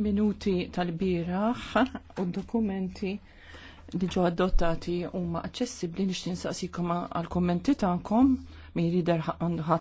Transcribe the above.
minuti tal-biraħ u dokumenti li ġo adottati huma aċċessibbli nixtinsaqsikom għal-kommenti tagħkom mi jrider għandu